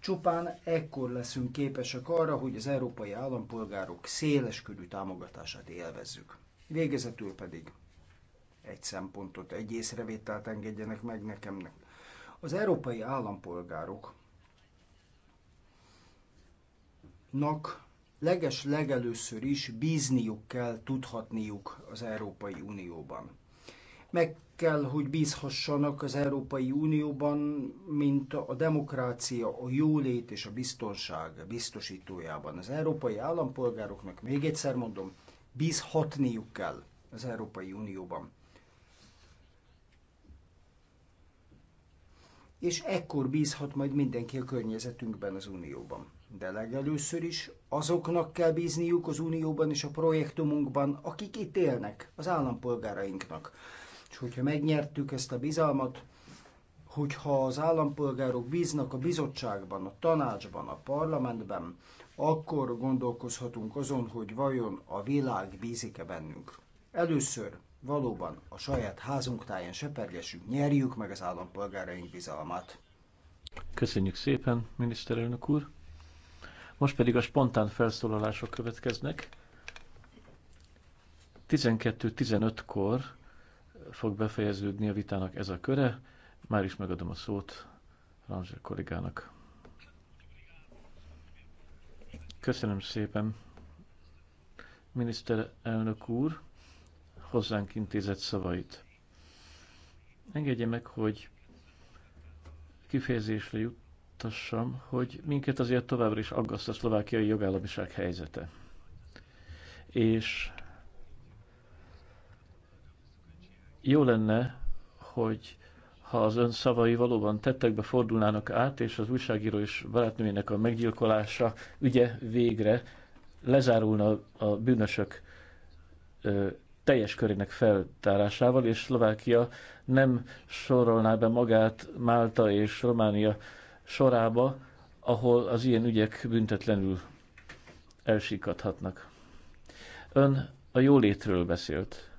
Csupán ekkor leszünk képesek arra, hogy az európai állampolgárok széleskörű támogatását élvezzük. Végezetül pedig egy szempontot, egy észrevételt engedjenek meg nekem. Az európai állampolgárok nak leges legelőször is bízniuk kell, tudhatniuk az Európai Unióban. Meg kell, hogy bízhassanak az Európai Unióban, mint a demokrácia, a jólét és a biztonság biztosítójában. Az európai állampolgároknak, még egyszer mondom, bízhatniuk kell az Európai Unióban. és ekkor bízhat majd mindenki a környezetünkben az Unióban. De legelőször is azoknak kell bízniuk az Unióban és a projektumunkban, akik itt élnek, az állampolgárainknak. És hogyha megnyertük ezt a bizalmat, hogyha az állampolgárok bíznak a bizottságban, a tanácsban, a parlamentben, akkor gondolkozhatunk azon, hogy vajon a világ bízik-e bennünk. Először valóban a saját házunk táján sepergessünk, nyerjük meg az állampolgáraink bizalmat. Köszönjük szépen, miniszterelnök úr! Most pedig a spontán felszólalások következnek. 12-15-kor fog befejeződni a vitának ez a köre. Már is megadom a szót Ranger kollégának. Köszönöm szépen, miniszterelnök úr! hozzánk intézett szavait. Engedje meg, hogy kifejezésre juttassam, hogy minket azért továbbra is aggaszt a szlovákiai jogállamiság helyzete. És jó lenne, hogy ha az ön szavai valóban tettekbe fordulnának át, és az újságíró és barátnőjének a meggyilkolása ügye végre lezárulna a bűnösök teljes körének feltárásával, és Szlovákia nem sorolná be magát Málta és Románia sorába, ahol az ilyen ügyek büntetlenül elsikadhatnak. Ön a jólétről beszélt,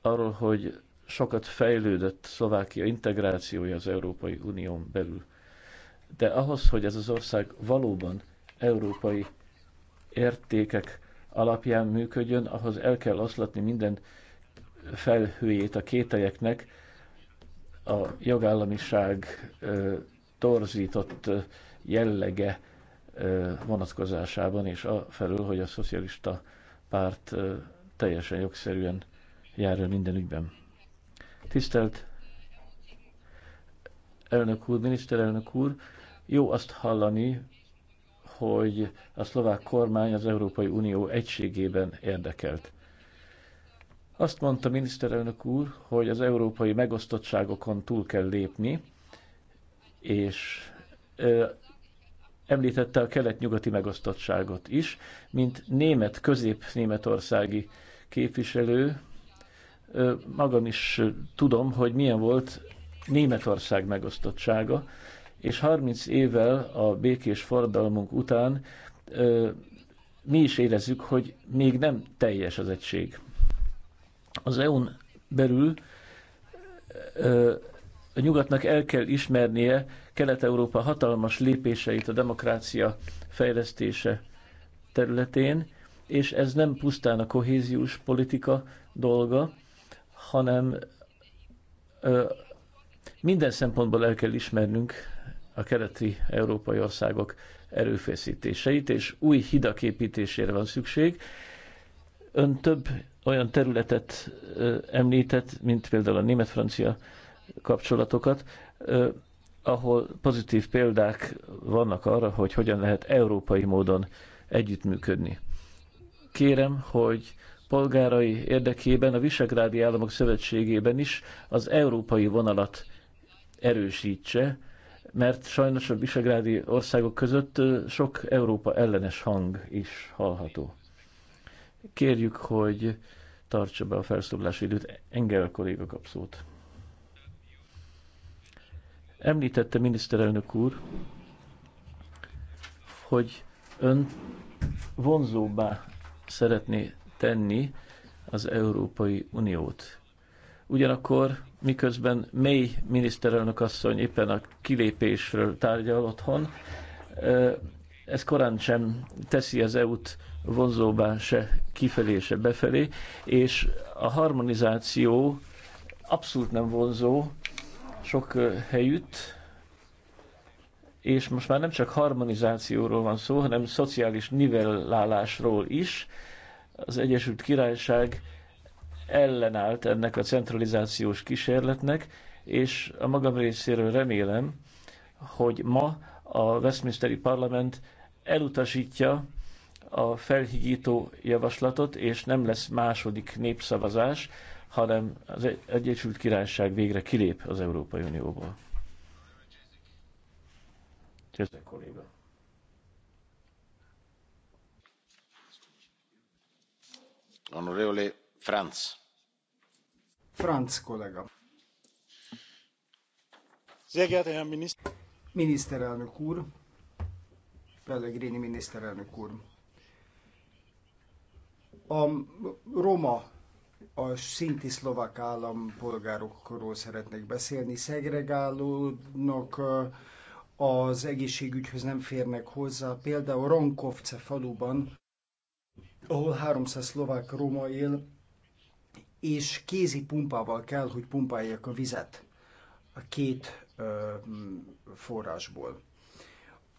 arról, hogy sokat fejlődött Szlovákia integrációja az Európai Unión belül. De ahhoz, hogy ez az ország valóban európai értékek alapján működjön, ahhoz el kell oszlatni minden felhőjét a kételyeknek a jogállamiság ö, torzított jellege ö, vonatkozásában, és a felül, hogy a szocialista párt ö, teljesen jogszerűen jár el minden ügyben. Tisztelt elnök úr, miniszterelnök úr, jó azt hallani, hogy a szlovák kormány az Európai Unió egységében érdekelt. Azt mondta miniszterelnök úr, hogy az európai megosztottságokon túl kell lépni, és ö, említette a kelet-nyugati megosztottságot is, mint német, közép-németországi képviselő, ö, magam is tudom, hogy milyen volt Németország megosztottsága, és 30 évvel a békés forradalmunk után mi is érezzük, hogy még nem teljes az egység. Az EU-n belül a nyugatnak el kell ismernie Kelet-Európa hatalmas lépéseit a demokrácia fejlesztése területén, és ez nem pusztán a kohéziós politika dolga, hanem ö, minden szempontból el kell ismernünk a keleti európai országok erőfeszítéseit, és új hidak építésére van szükség. Ön több olyan területet említett, mint például a német-francia kapcsolatokat, ahol pozitív példák vannak arra, hogy hogyan lehet európai módon együttműködni. Kérem, hogy polgárai érdekében a Visegrádi Államok Szövetségében is az európai vonalat erősítse, mert sajnos a visegrádi országok között sok Európa ellenes hang is hallható. Kérjük, hogy tartsa be a felszólalási időt. Engel kolléga kap szót. Említette miniszterelnök úr, hogy ön vonzóbbá szeretné tenni az Európai Uniót. Ugyanakkor miközben mély miniszterelnök asszony éppen a kilépésről tárgyal otthon. Ez korán sem teszi az EU-t vonzóbbá se kifelé, se befelé, és a harmonizáció abszolút nem vonzó sok helyütt, és most már nem csak harmonizációról van szó, hanem szociális nivellálásról is. Az Egyesült Királyság ellenállt ennek a centralizációs kísérletnek, és a magam részéről remélem, hogy ma a Westminsteri Parlament elutasítja a felhigító javaslatot, és nem lesz második népszavazás, hanem az Egyesült Királyság végre kilép az Európai Unióból. Köszönöm, kolléga. Honorevole franz kollega miniszterelnök úr pellegrini miniszterelnök úr a roma a szinti szlovák állampolgárokról szeretnék beszélni. Szegregálódnak, az egészségügyhöz nem férnek hozzá. Például Rankovce faluban, ahol 300 szlovák roma él, és kézi pumpával kell, hogy pumpálják a vizet a két ö, forrásból.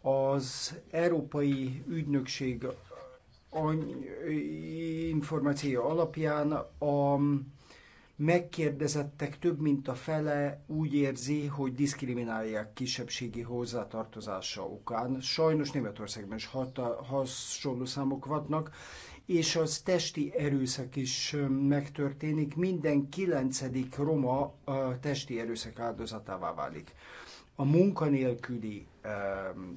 Az Európai Ügynökség információ alapján a megkérdezettek több mint a fele úgy érzi, hogy diszkriminálják kisebbségi hozzátartozása okán. Sajnos Németországban is hasonló számok vannak, és az testi erőszak is megtörténik, minden kilencedik roma testi erőszak áldozatává válik. A munkanélküli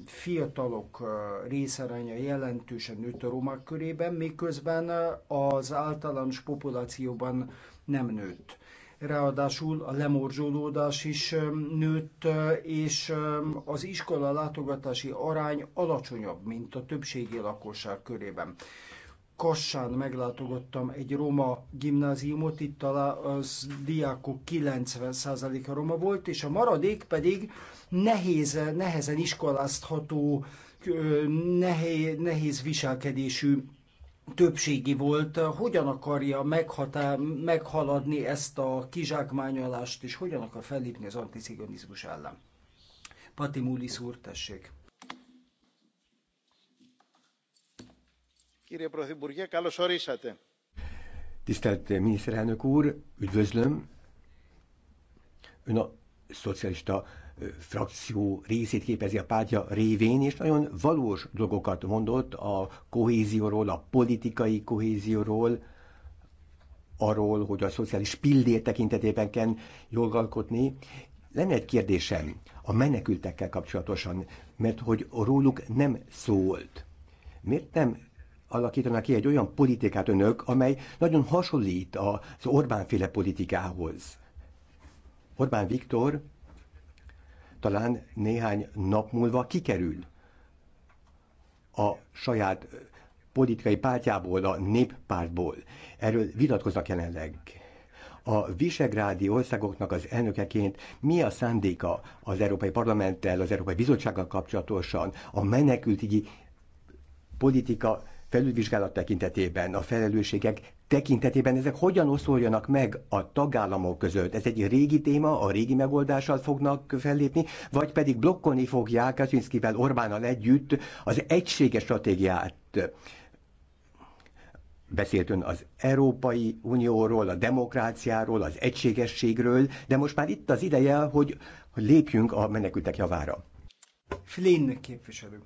fiatalok részaránya jelentősen nőtt a romák körében, miközben az általános populációban nem nőtt ráadásul a lemorzsolódás is nőtt, és az iskola látogatási arány alacsonyabb, mint a többségi lakosság körében. Kassán meglátogattam egy roma gimnáziumot, itt talán az diákok 90%-a roma volt, és a maradék pedig nehéz, nehezen iskolázható, nehéz, nehéz viselkedésű többségi volt, hogyan akarja meghatá, meghaladni ezt a kizsákmányolást, és hogyan akar fellépni az antiszigonizmus ellen. Pati Múlis úr, tessék! Tisztelt miniszterelnök úr, üdvözlöm! Ön a szocialista frakció részét képezi a pártja révén, és nagyon valós dolgokat mondott a kohézióról, a politikai kohézióról, arról, hogy a szociális pillér tekintetében kell jól alkotni. Lenne egy kérdésem a menekültekkel kapcsolatosan, mert hogy róluk nem szólt. Miért nem alakítanak ki egy olyan politikát önök, amely nagyon hasonlít az Orbán-féle politikához. Orbán Viktor talán néhány nap múlva kikerül a saját politikai pártjából, a néppártból. Erről vitatkoznak jelenleg. A visegrádi országoknak az elnökeként mi a szándéka az Európai Parlamenttel, az Európai Bizottsággal kapcsolatosan a menekültügyi politika felülvizsgálat tekintetében, a felelősségek tekintetében ezek hogyan oszoljanak meg a tagállamok között? Ez egy régi téma, a régi megoldással fognak fellépni, vagy pedig blokkolni fogják Kaczynszkivel, Orbánnal együtt az egységes stratégiát? Beszélt ön az Európai Unióról, a demokráciáról, az egységességről, de most már itt az ideje, hogy lépjünk a menekültek javára. Flynn képviselő.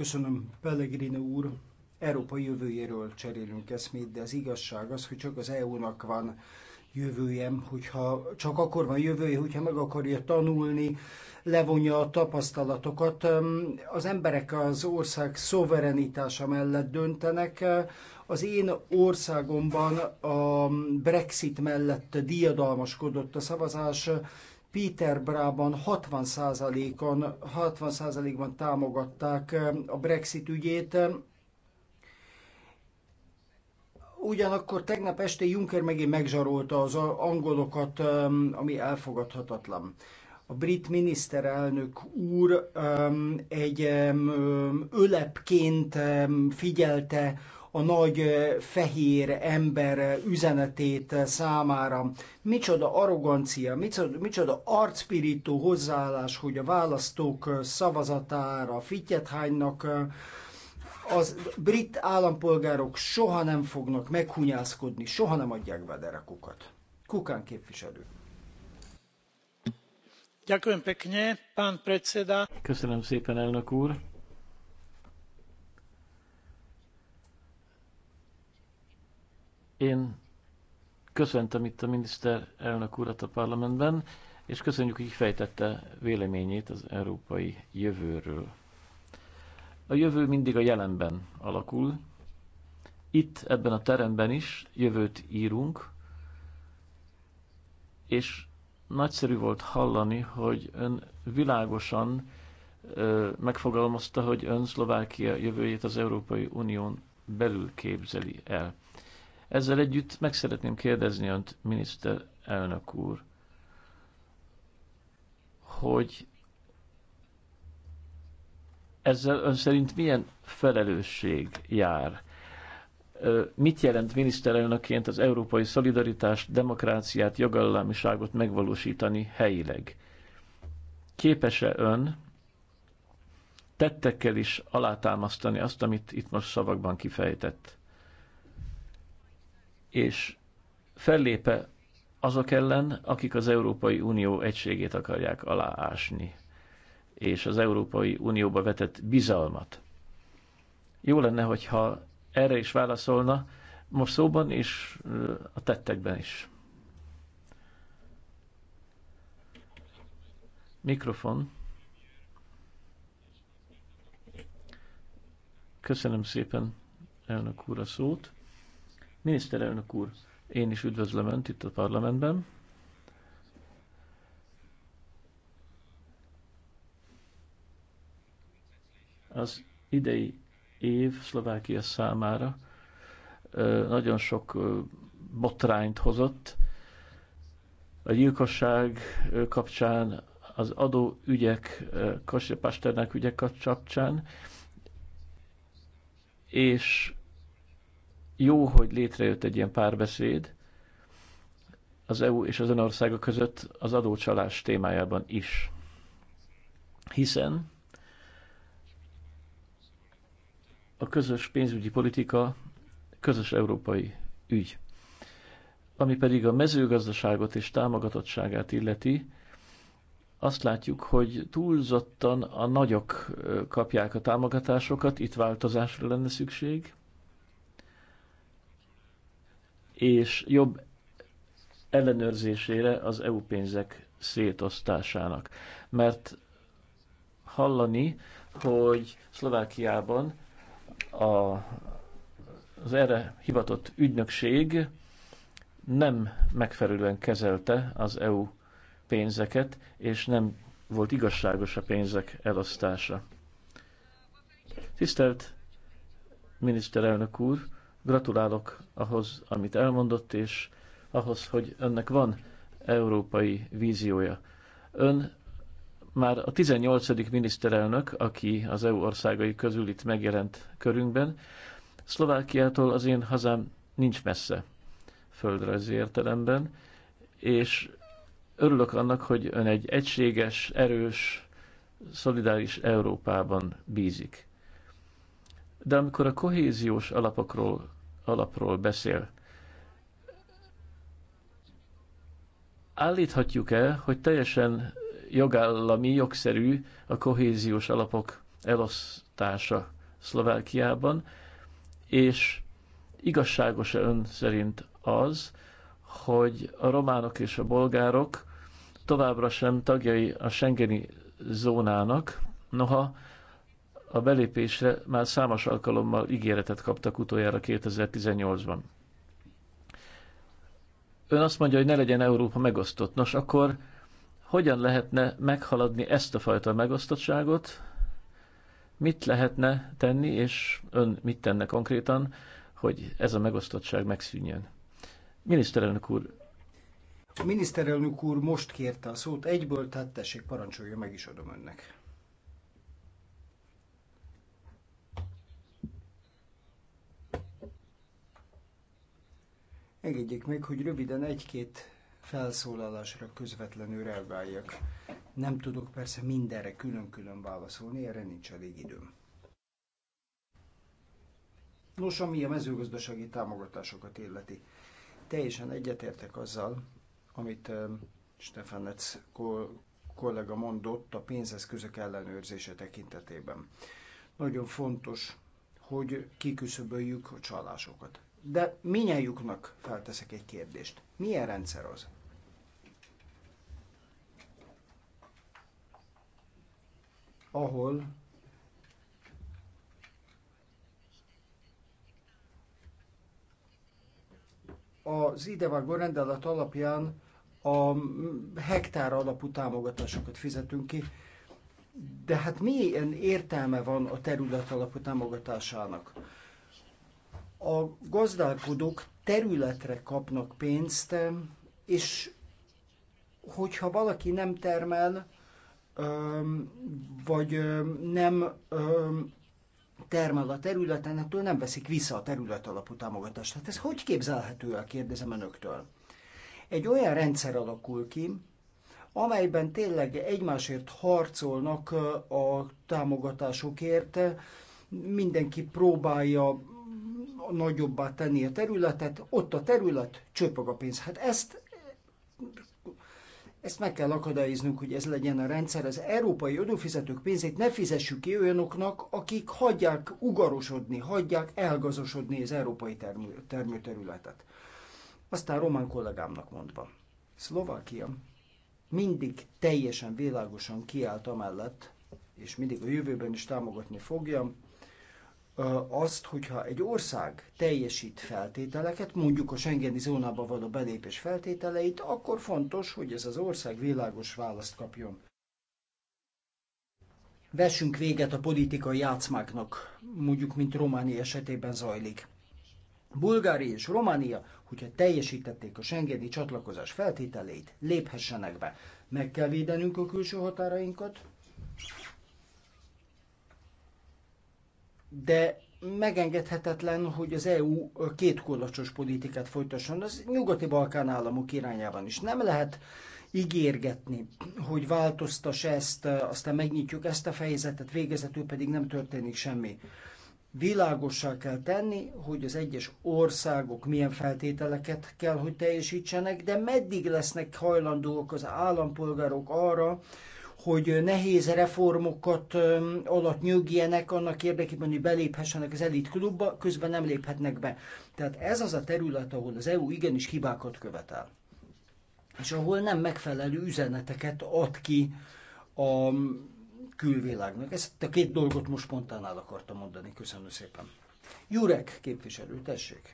Köszönöm, Pellegrino úr. Európa jövőjéről cserélünk eszmét, de az igazság az, hogy csak az EU-nak van jövője, hogyha csak akkor van jövője, hogyha meg akarja tanulni, levonja a tapasztalatokat. Az emberek az ország szoverenitása mellett döntenek. Az én országomban a Brexit mellett diadalmaskodott a szavazás, Peterbrában 60%-on, 60%-ban támogatták a Brexit ügyét. Ugyanakkor tegnap este Juncker megint megzsarolta az angolokat, ami elfogadhatatlan a brit miniszterelnök úr egy ölepként figyelte a nagy fehér ember üzenetét számára. Micsoda arrogancia, micsoda, micsoda arcpirító hozzáállás, hogy a választók szavazatára fittyet hánynak, az brit állampolgárok soha nem fognak meghunyászkodni, soha nem adják be a kukat. Kukán képviselő. Köszönöm szépen, elnök úr! Én köszöntöm itt a miniszterelnök urat a parlamentben, és köszönjük, hogy fejtette véleményét az európai jövőről. A jövő mindig a jelenben alakul. Itt, ebben a teremben is jövőt írunk, és nagyszerű volt hallani, hogy ön világosan ö, megfogalmazta, hogy ön Szlovákia jövőjét az Európai Unión belül képzeli el. Ezzel együtt meg szeretném kérdezni önt, miniszterelnök úr, hogy ezzel ön szerint milyen felelősség jár? Mit jelent miniszterelnökként az európai szolidaritást, demokráciát, jogállamiságot megvalósítani helyileg? Képes-e ön tettekkel is alátámasztani azt, amit itt most szavakban kifejtett? és fellépe azok ellen, akik az Európai Unió egységét akarják aláásni, és az Európai Unióba vetett bizalmat. Jó lenne, hogyha erre is válaszolna, most szóban és a tettekben is. Mikrofon. Köszönöm szépen elnök úr a szót. Miniszterelnök úr, én is üdvözlöm Önt itt a parlamentben. Az idei év Szlovákia számára nagyon sok botrányt hozott. A gyilkosság kapcsán, az adóügyek, Kossi Pasternák ügyek kapcsán, és jó, hogy létrejött egy ilyen párbeszéd az EU és az önországok között az adócsalás témájában is. Hiszen a közös pénzügyi politika közös európai ügy. Ami pedig a mezőgazdaságot és támogatottságát illeti, azt látjuk, hogy túlzottan a nagyok kapják a támogatásokat, itt változásra lenne szükség, és jobb ellenőrzésére az EU pénzek szétosztásának. Mert hallani, hogy Szlovákiában a, az erre hivatott ügynökség nem megfelelően kezelte az EU pénzeket, és nem volt igazságos a pénzek elosztása. Tisztelt miniszterelnök úr, Gratulálok ahhoz, amit elmondott, és ahhoz, hogy önnek van európai víziója. Ön már a 18. miniszterelnök, aki az EU országai közül itt megjelent körünkben, Szlovákiától az én hazám nincs messze földrajzi értelemben, és örülök annak, hogy ön egy egységes, erős, szolidáris Európában bízik. De amikor a kohéziós alapokról, alapról beszél, állíthatjuk-e, hogy teljesen jogállami, jogszerű a kohéziós alapok elosztása Szlovákiában, és igazságos-e ön szerint az, hogy a románok és a bolgárok továbbra sem tagjai a Schengeni zónának, noha a belépésre már számos alkalommal ígéretet kaptak utoljára 2018-ban. Ön azt mondja, hogy ne legyen Európa megosztott. Nos, akkor hogyan lehetne meghaladni ezt a fajta megosztottságot? Mit lehetne tenni, és ön mit tenne konkrétan, hogy ez a megosztottság megszűnjön? Miniszterelnök úr, a miniszterelnök úr most kérte a szót egyből, tehát tessék, parancsolja, meg is adom önnek. Engedjék meg, hogy röviden egy-két felszólalásra közvetlenül reagáljak. Nem tudok persze mindenre külön-külön válaszolni, erre nincs elég időm. Nos, ami a mezőgazdasági támogatásokat illeti, teljesen egyetértek azzal, amit Stefanec kollega mondott a pénzeszközök ellenőrzése tekintetében. Nagyon fontos, hogy kiküszöböljük a csalásokat. De minnyájuknak felteszek egy kérdést. Milyen rendszer az? Ahol az idevágó rendelet alapján a hektár alapú támogatásokat fizetünk ki, de hát milyen értelme van a terület alapú támogatásának? a gazdálkodók területre kapnak pénzt, és hogyha valaki nem termel, vagy nem termel a területen, ettől nem veszik vissza a terület alapú támogatást. Hát ez hogy képzelhető el, kérdezem önöktől. Egy olyan rendszer alakul ki, amelyben tényleg egymásért harcolnak a támogatásokért, mindenki próbálja nagyobbá tenni a területet, ott a terület, csöpög a pénz. Hát ezt, ezt meg kell akadályoznunk, hogy ez legyen a rendszer. Az európai adófizetők pénzét ne fizessük ki olyanoknak, akik hagyják ugarosodni, hagyják elgazosodni az európai termő, termőterületet. Aztán román kollégámnak mondva, Szlovákia mindig teljesen világosan kiállt amellett, és mindig a jövőben is támogatni fogja, azt, hogyha egy ország teljesít feltételeket, mondjuk a Schengeni zónába való belépés feltételeit, akkor fontos, hogy ez az ország világos választ kapjon. Vessünk véget a politikai játszmáknak, mondjuk, mint Románia esetében zajlik. Bulgária és Románia, hogyha teljesítették a Schengeni csatlakozás feltételeit, léphessenek be. Meg kell védenünk a külső határainkat, de megengedhetetlen, hogy az EU két kulacsos politikát folytasson az nyugati-balkán államok irányában is. Nem lehet ígérgetni, hogy változtas ezt, aztán megnyitjuk ezt a fejezetet, végezetül pedig nem történik semmi. Világossá kell tenni, hogy az egyes országok milyen feltételeket kell, hogy teljesítsenek, de meddig lesznek hajlandóak az állampolgárok arra, hogy nehéz reformokat alatt nyögjenek annak érdekében, hogy beléphessenek az elit klubba, közben nem léphetnek be. Tehát ez az a terület, ahol az EU igenis hibákat követel, és ahol nem megfelelő üzeneteket ad ki a külvilágnak. Ezt a két dolgot most spontán akartam mondani. Köszönöm szépen. Jurek képviselő, tessék.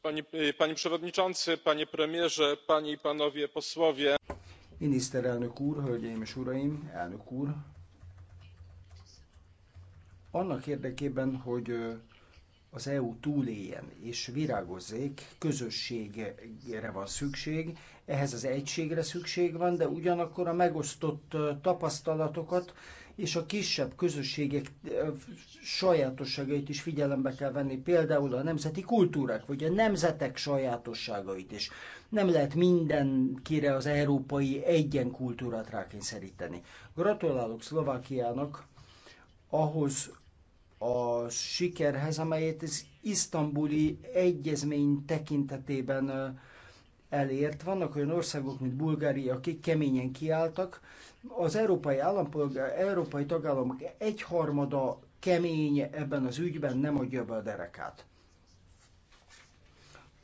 Panie, panie przewodniczący, panie premierze, panie i panowie posłowie. Miniszterelnök úr, hölgyeim és uraim, elnök úr, annak érdekében, hogy az EU túléljen és virágozzék, közösségre van szükség, ehhez az egységre szükség van, de ugyanakkor a megosztott tapasztalatokat és a kisebb közösségek sajátosságait is figyelembe kell venni, például a nemzeti kultúrák, vagy a nemzetek sajátosságait is. Nem lehet mindenkire az európai egyen kultúrát rákényszeríteni. Gratulálok Szlovákiának ahhoz a sikerhez, amelyet az isztambuli egyezmény tekintetében elért. Vannak olyan országok, mint Bulgária, akik keményen kiálltak. Az európai, állampolgár, európai tagállamok egyharmada kemény ebben az ügyben, nem adja be a derekát.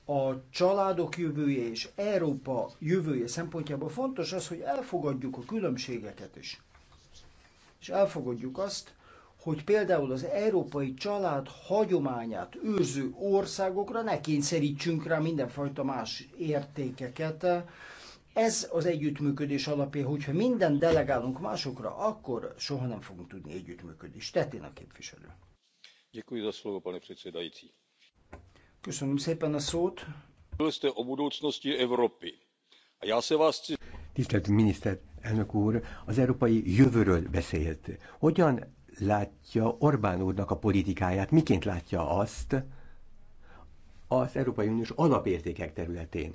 A családok jövője és Európa jövője szempontjából fontos az, hogy elfogadjuk a különbségeket is. És elfogadjuk azt, hogy például az európai család hagyományát őrző országokra ne kényszerítsünk rá mindenfajta más értékeket. Ez az együttműködés alapja, hogyha minden delegálunk másokra, akkor soha nem fogunk tudni együttműködni. a képviselő. Köszönöm szépen a szót. o budoucnosti Európy. A já se vás chci... Tisztelt miniszter, elnök úr, az európai jövőről beszélt. Hogyan látja Orbán úrnak a politikáját, miként látja azt az Európai Uniós alapértékek területén.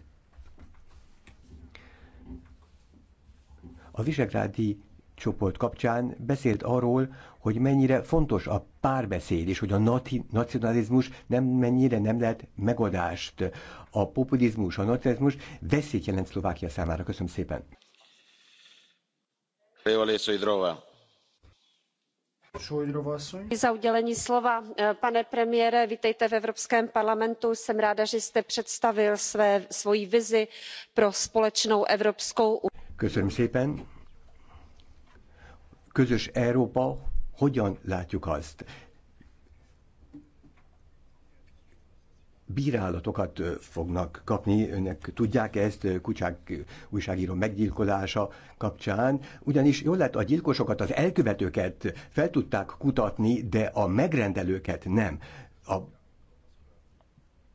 A visegrádi csoport kapcsán beszélt arról, hogy mennyire fontos a párbeszéd, és hogy a nati- nacionalizmus nem mennyire nem lehet megoldást. A populizmus, a nacionalizmus veszélyt jelent Szlovákia számára. Köszönöm szépen. lesz, hogy Eh, pane premiére vítejte v evropském parlamentu jsem ráda že jste představil svoji vizi pro společnou evropskou unii. közös európa hogyan látjuk azt? bírálatokat fognak kapni. Önök tudják ezt Kucsák újságíró meggyilkolása kapcsán, ugyanis jól lett a gyilkosokat, az elkövetőket fel tudták kutatni, de a megrendelőket nem. A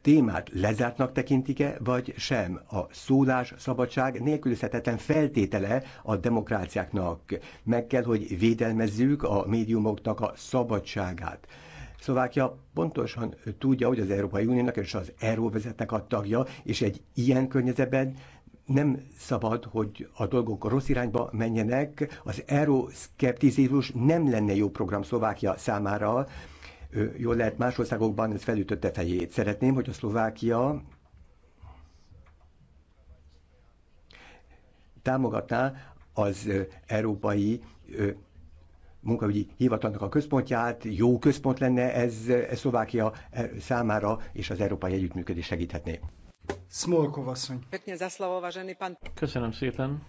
témát lezártnak tekintik-e, vagy sem? A szólás szabadság nélkülözhetetlen feltétele a demokráciáknak. Meg kell, hogy védelmezzük a médiumoknak a szabadságát Szlovákia pontosan tudja, hogy az Európai Uniónak és az Euróvezetnek a tagja, és egy ilyen környezetben nem szabad, hogy a dolgok rossz irányba menjenek. Az euroszkepticizmus nem lenne jó program Szlovákia számára. Jól lehet, más országokban ez felütötte fejét. Szeretném, hogy a Szlovákia támogatná az európai munkaügyi hivatalnak a központját, jó központ lenne ez, ez Szlovákia eh, számára, és az európai együttműködés segíthetné. Smolkov asszony. Köszönöm szépen.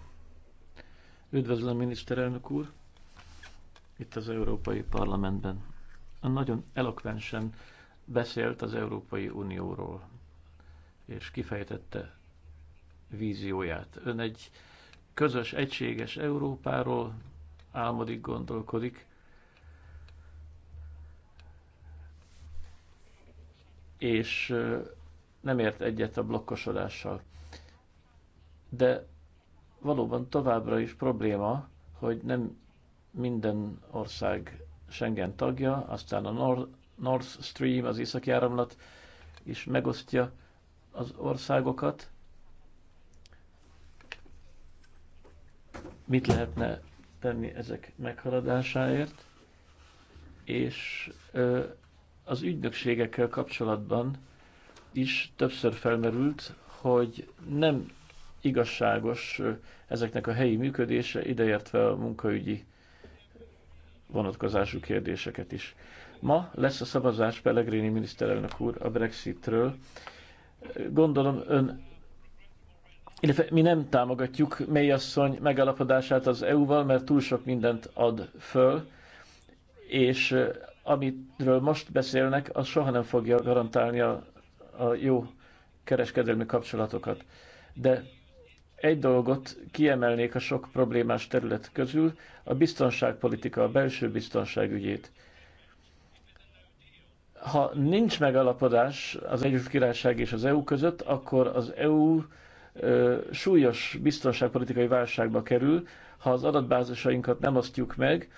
Üdvözlöm, miniszterelnök úr, itt az Európai Parlamentben. Nagyon elokvensen beszélt az Európai Unióról, és kifejtette vízióját. Ön egy közös, egységes Európáról, álmodik, gondolkodik. És nem ért egyet a blokkosodással. De valóban továbbra is probléma, hogy nem minden ország Schengen tagja, aztán a Nord, North Stream, az északi áramlat is megosztja az országokat. Mit lehetne tenni ezek meghaladásáért, és az ügynökségekkel kapcsolatban is többször felmerült, hogy nem igazságos ezeknek a helyi működése, ideértve a munkaügyi vonatkozású kérdéseket is. Ma lesz a szavazás Pellegrini miniszterelnök úr a Brexitről. Gondolom ön illetve mi nem támogatjuk asszony megalapodását az EU-val, mert túl sok mindent ad föl, és amitről most beszélnek, az soha nem fogja garantálni a, a jó kereskedelmi kapcsolatokat. De egy dolgot kiemelnék a sok problémás terület közül, a biztonságpolitika, a belső biztonságügyét. Ha nincs megalapodás az Egyesült Királyság és az EU között, akkor az EU súlyos biztonságpolitikai válságba kerül, ha az adatbázisainkat nem osztjuk meg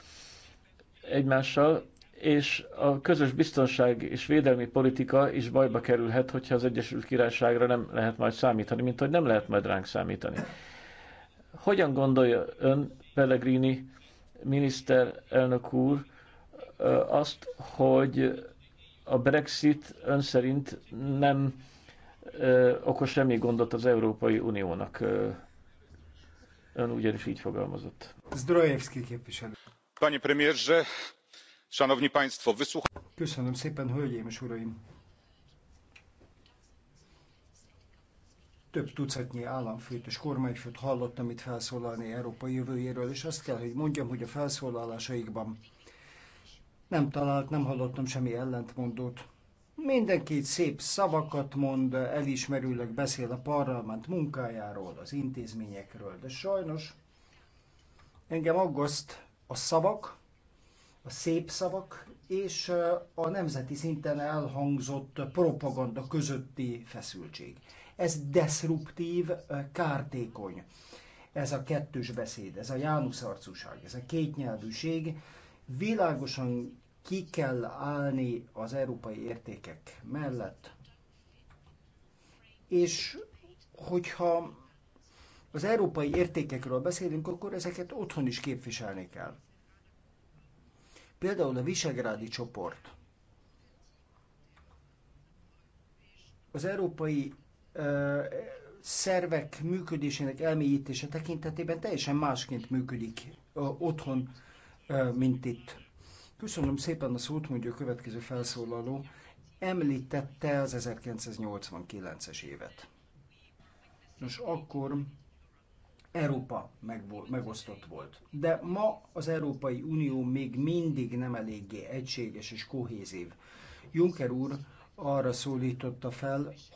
egymással, és a közös biztonság és védelmi politika is bajba kerülhet, hogyha az Egyesült Királyságra nem lehet majd számítani, mint hogy nem lehet majd ránk számítani. Hogyan gondolja ön, Pellegrini miniszterelnök úr, azt, hogy a Brexit ön szerint nem okoz semmi gondot az Európai Uniónak. Ön ugyanis így fogalmazott. Zdrojewski képviselő. Panie premierze, szanowni państwo, wysłuch... Köszönöm szépen, hölgyeim és uraim! Több tucatnyi államfőt és kormányfőt hallottam itt felszólalni Európai jövőjéről, és azt kell, hogy mondjam, hogy a felszólalásaikban nem talált, nem hallottam semmi ellentmondót Mindenki szép szavakat mond, elismerőleg beszél a parlament munkájáról, az intézményekről, de sajnos engem aggaszt a szavak, a szép szavak és a nemzeti szinten elhangzott propaganda közötti feszültség. Ez deszruptív, kártékony. Ez a kettős beszéd, ez a Jánusz arcúság, ez a kétnyelvűség világosan ki kell állni az európai értékek mellett, és hogyha az európai értékekről beszélünk, akkor ezeket otthon is képviselni kell. Például a Visegrádi csoport. Az európai ö, szervek működésének elmélyítése tekintetében teljesen másként működik ö, otthon, ö, mint itt. Köszönöm szépen a szót, mondja a következő felszólaló. Említette az 1989-es évet. Nos, akkor Európa megosztott volt. De ma az Európai Unió még mindig nem eléggé egységes és kohézív. Juncker úr arra szólította fel, hogy